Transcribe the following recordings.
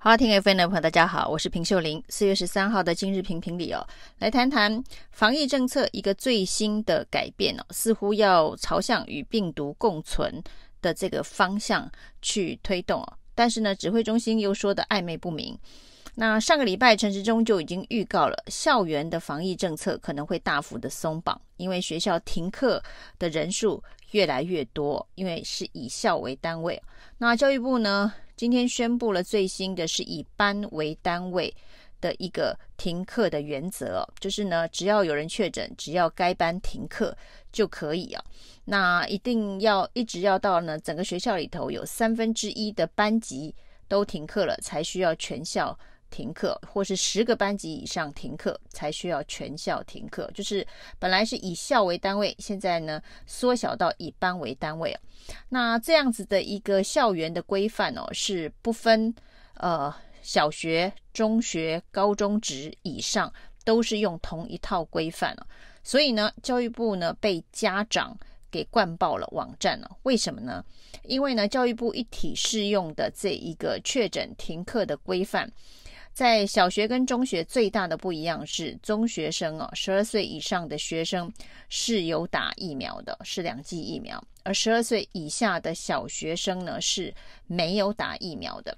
好，聽 FM 的朋友，大家好，我是平秀玲。四月十三號的今日評評理哦，來談談防疫政策一個最新的改變哦，似乎要朝向與病毒共存的這個方向去推動哦。但是呢，指揮中心又說得曖昧不明。那上個禮拜，陳時中就已經預告了校園的防疫政策可能會大幅的鬆綁，因為學校停課的人數越來越多，因為是以校為單位。那教育部呢？今天宣布了最新的是以班為單位的一個停課的原則，就是呢，只要有人確診，只要該班停課就可以啊。那一定要一直要到呢，整個學校裡頭有三分之一的班級都停課了，才需要全校。停課，或是十個班級以上停課才需要全校停課。就是本來是以校為單位，現在呢縮小到以班為單位，那這樣子的一個校園的規範哦，是不分呃小學、中學、高中職以上都是用同一套規範。所以呢，教育部呢被家長給灌爆了網站呢，為什麼呢？因為呢，教育部一體適用的這一個確診停課的規範。在小學跟中學最大的不一樣是，中學生哦、啊，十二歲以上的學生是有打疫苗的，是兩劑疫苗；而十二歲以下的小學生呢，是沒有打疫苗的。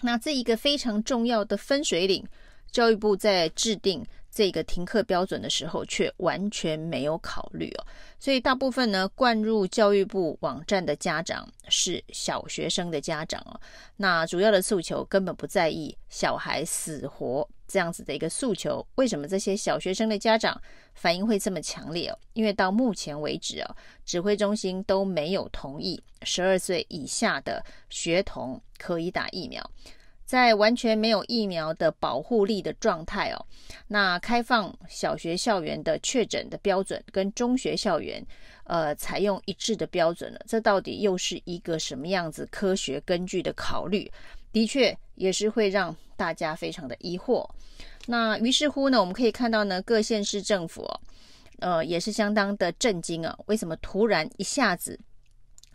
那這一個非常重要的分水嶺，教育部在制定。這個停課標準的時候，卻完全沒有考慮哦，所以大部分呢灌入教育部網站的家長是小學生的家長哦，那主要的訴求根本不在意小孩死活這樣子的一個訴求。為什麼這些小學生的家長反應會這麼強烈哦？因為到目前為止哦啊，指揮中心都沒有同意十二歲以下的學童可以打疫苗。在完全沒有疫苗的保護力的狀態哦，那開放小學校園的確診的標準跟中學校園呃採用一致的標準了，這到底又是一個什麼樣子科學根據的考慮？的確也是會讓大家非常的疑惑。那於是乎呢，我們可以看到呢，各縣市政府，哦，呃也是相當的震驚啊，哦，為什麼突然一下子？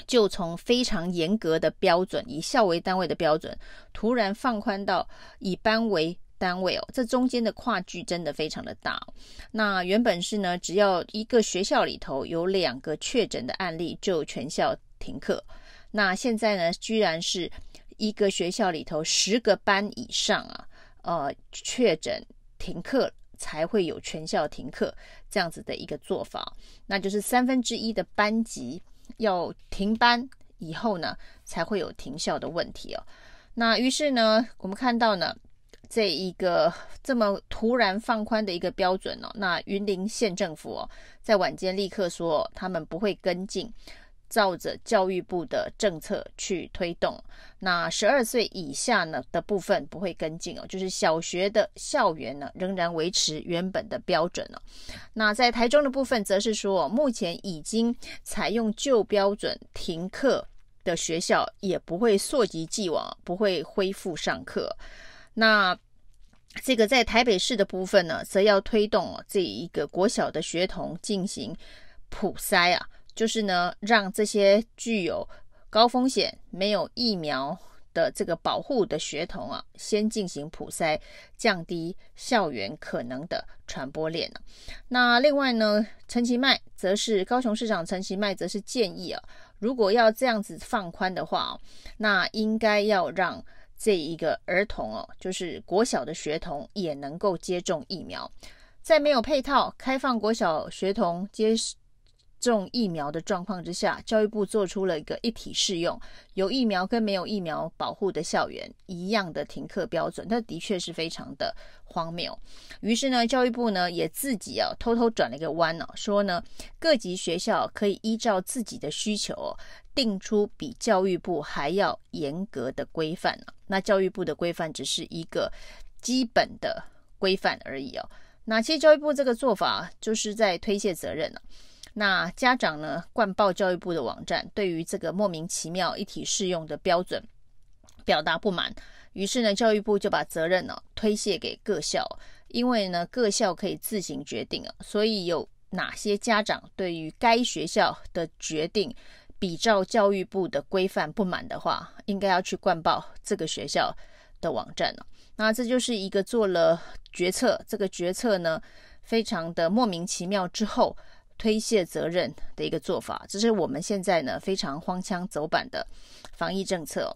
就從非常嚴格的標準，以校為單位的標準，突然放寬到以班為單位哦，這中間的跨距真的非常的大哦。那原本是呢，只要一個學校裡頭有兩個確診的案例，就全校停課。那現在呢，居然是一個學校裡頭十個班以上啊，呃，確診停課才會有全校停課這樣子的一個做法，那就是三分之一的班級。要停班以後呢，才會有停校的問題哦。那於是呢，我們看到呢，這一個這麼突然放寬的一個標準哦，那雲林縣政府哦，在晚間立刻說他們不會跟進。照着教育部的政策去推動，那十二歲以下呢的部分不會跟進哦，就是小學的校園呢仍然維持原本的標準哦。那在台中的部分，則是說，目前已經採用舊標準停課的學校也不會溯及既往，不會恢復上課。那這個在台北市的部分呢，則要推動哦，這一個國小的學童進行普篩啊。就是呢，讓這些具有高風險、沒有疫苗的這個保護的學童啊，先進行普篩，降低校園可能的傳播鏈啊。那另外呢，陳其邁則是高雄市長陳其邁則是建議啊，如果要這樣子放寬的話，那應該要讓這一個兒童哦、啊，就是國小的學童也能夠接種疫苗，在沒有配套開放國小學童接。種疫苗的狀況之下，教育部做出了一個一體適用有疫苗跟沒有疫苗保護的校園一樣的停課標準，那的確是非常的荒謬。於是呢，教育部呢也自己啊偷偷轉了一個彎呢、啊，說呢各級學校可以依照自己的需求、哦、定出比教育部還要嚴格的規範、啊、那教育部的規範只是一個基本的規範而已哦。那其實教育部這個做法就是在推卸責任了、啊。那家長呢，灌爆教育部的網站，對於這個莫名其妙一體適用的標準表達不滿，於是呢，教育部就把責任呢、啊、推卸給各校，因為呢，各校可以自行決定、啊、所以有哪些家長對於該學校的決定比照教育部的規範不滿的話，應該要去灌爆這個學校的網站、啊、那這就是一個做了決策，這個決策呢，非常的莫名其妙之後。推卸責任的一個做法，這是我們現在呢，非常荒腔走板的防疫政策。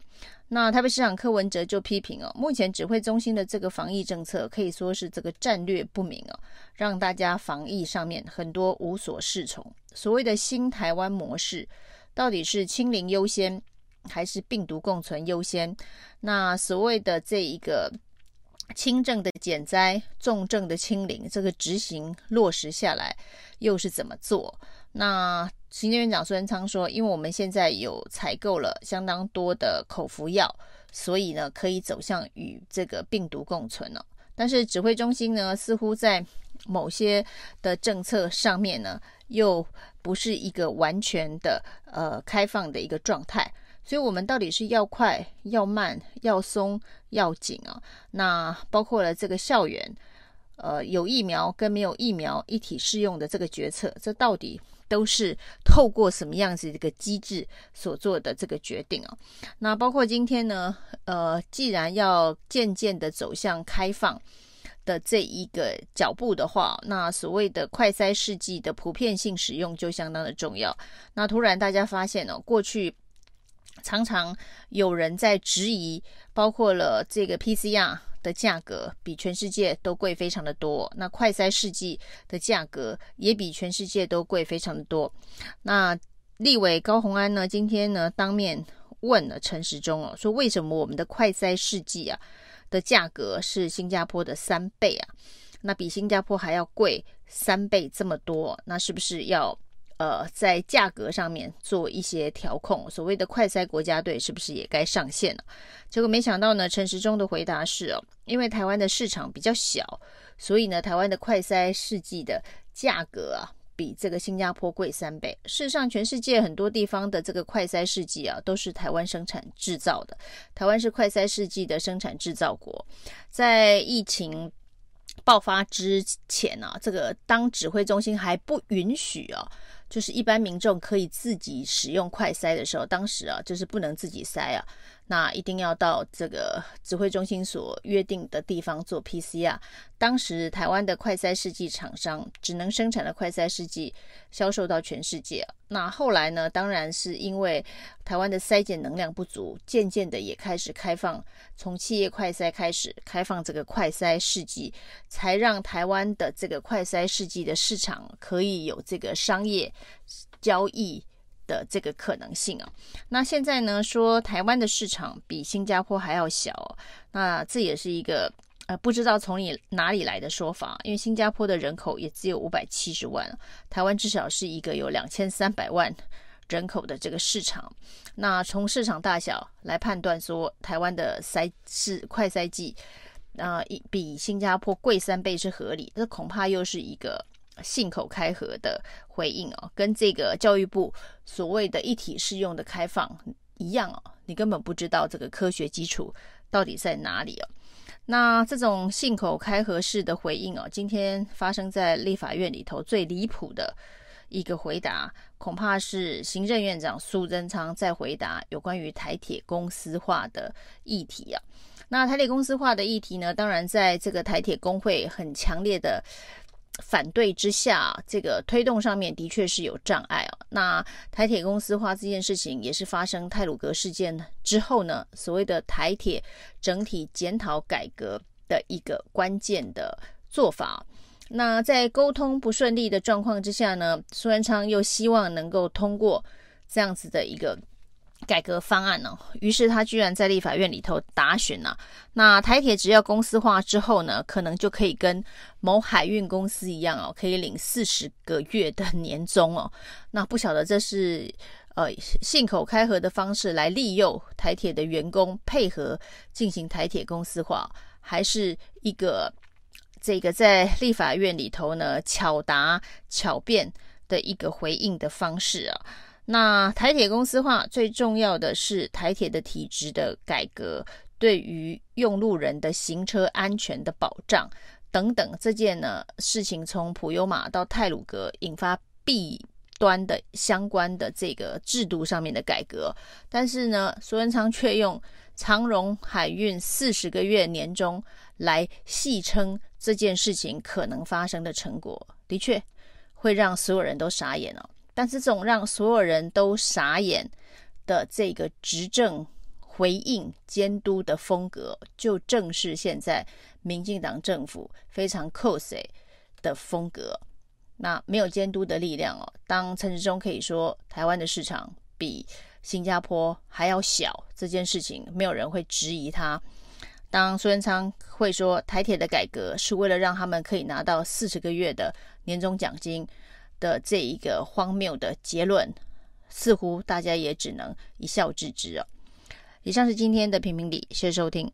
那台北市長柯文哲就批評哦，目前指揮中心的這個防疫政策可以說是這個戰略不明哦，讓大家防疫上面很多無所適從。所謂的新台灣模式，到底是清零優先還是病毒共存優先？那所謂的這一個。輕症的減災，重症的清零，這個執行落實下來又是怎麼做？那行政院長蘇貞昌說，因為我們現在有採購了相當多的口服藥，所以呢可以走向與這個病毒共存了、哦。但是指揮中心呢，似乎在某些的政策上面呢，又不是一個完全的呃開放的一個狀態。所以我們到底是要快、要慢、要鬆、要緊啊、哦？那包括了這個校園，呃，有疫苗跟沒有疫苗一體適用的這個決策，這到底都是透過什麼樣子的一個機制所做的這個決定啊、哦？那包括今天呢，呃，既然要漸漸的走向開放的這一個腳步的話，那所謂的快篩試劑的普遍性使用就相當的重要。那突然大家發現哦，過去，常常有人在質疑，包括了這個 PCR 的價格比全世界都貴非常的多，那快篩試劑的價格也比全世界都貴非常的多。那立委高虹安呢，今天呢當面問了陳時中哦，說為什麼我們的快篩試劑啊的價格是新加坡的三倍啊？那比新加坡還要貴三倍這麼多，那是不是要？呃，在價格上面做一些調控，所謂的快篩國家隊是不是也該上線了啊？結果沒想到呢，陳時中的回答是哦，因為台灣的市場比較小，所以呢，台灣的快篩試劑的價格啊，比這個新加坡貴三倍。事實上，全世界很多地方的這個快篩試劑啊，都是台灣生產製造的，台灣是快篩試劑的生產製造國，在疫情爆發之前呢、啊，這個當指揮中心還不允許啊，就是一般民眾可以自己使用快篩的時候，當時啊就是不能自己篩啊，那一定要到這個指揮中心所約定的地方做 PCR，啊。當時台灣的快篩試劑廠商只能生產的快篩試劑銷售到全世界，啊。那後來呢？當然是因為台灣的篩檢能量不足，漸漸的也開始開放，從企業快篩開始開放這個快篩試劑，才讓台灣的這個快篩試劑的市場可以有這個商業交易的這個可能性啊。那現在呢，說台灣的市場比新加坡還要小，那這也是一個。呃，不知道從你哪裡來的說法，因為新加坡的人口也只有五百七十萬，台灣至少是一個有兩千三百萬人口的這個市場。那從市場大小來判斷說，說台灣的賽是快篩劑，啊、呃，比新加坡貴三倍是合理，這恐怕又是一個信口開河的回應哦。跟這個教育部所謂的一體適用的開放一樣哦，你根本不知道這個科學基礎到底在哪裡哦。那這種信口開河式的回應啊，今天發生在立法院裡頭最離譜的一個回答，恐怕是行政院長蘇貞昌在回答有關於台鐵公司化的議題啊。那台鐵公司化的議題呢，當然在這個台鐵工會很強烈的。反對之下，這個推動上面的確是有障礙哦、啊。那台鐵公司化這件事情，也是發生太魯閣事件之後呢，所謂的台鐵整體檢討改革的一個關鍵的做法。那在溝通不順利的狀況之下呢，蘇貞昌又希望能夠通過這樣子的一個。改革方案呢，哦，於是他居然在立法院裡頭答詢了。那台鐵只要公司化之後呢，可能就可以跟某海運公司一樣哦，可以領四十個月的年終哦。那不曉得這是呃信口開河的方式來利誘台鐵的員工配合進行台鐵公司化，還是一個這個在立法院裡頭呢巧答巧辯的一個回應的方式啊？那台鐵公司化最重要的是台鐵的體制的改革，對於用路人的行車安全的保障等等，這件呢事情從普悠瑪到太魯閣引發弊端的相關的這個制度上面的改革，但是呢，蘇貞昌卻用長榮海運四十個月年終來戲稱這件事情可能發生的成果，的確會讓所有人都傻眼哦。但是這種讓所有人都傻眼的這個執政回應監督的風格，就正是現在民進黨政府非常 cosy 的風格。那沒有監督的力量哦，當陳時中可以說台灣的市場比新加坡還要小這件事情，沒有人會質疑他；當蘇貞昌，昌會說台鐵的改革是為了讓他們可以拿到四十個月的年終獎金。的這一個荒謬的結論，似乎大家也只能一笑置之哦。以上是今天的評評理，謝謝收聽。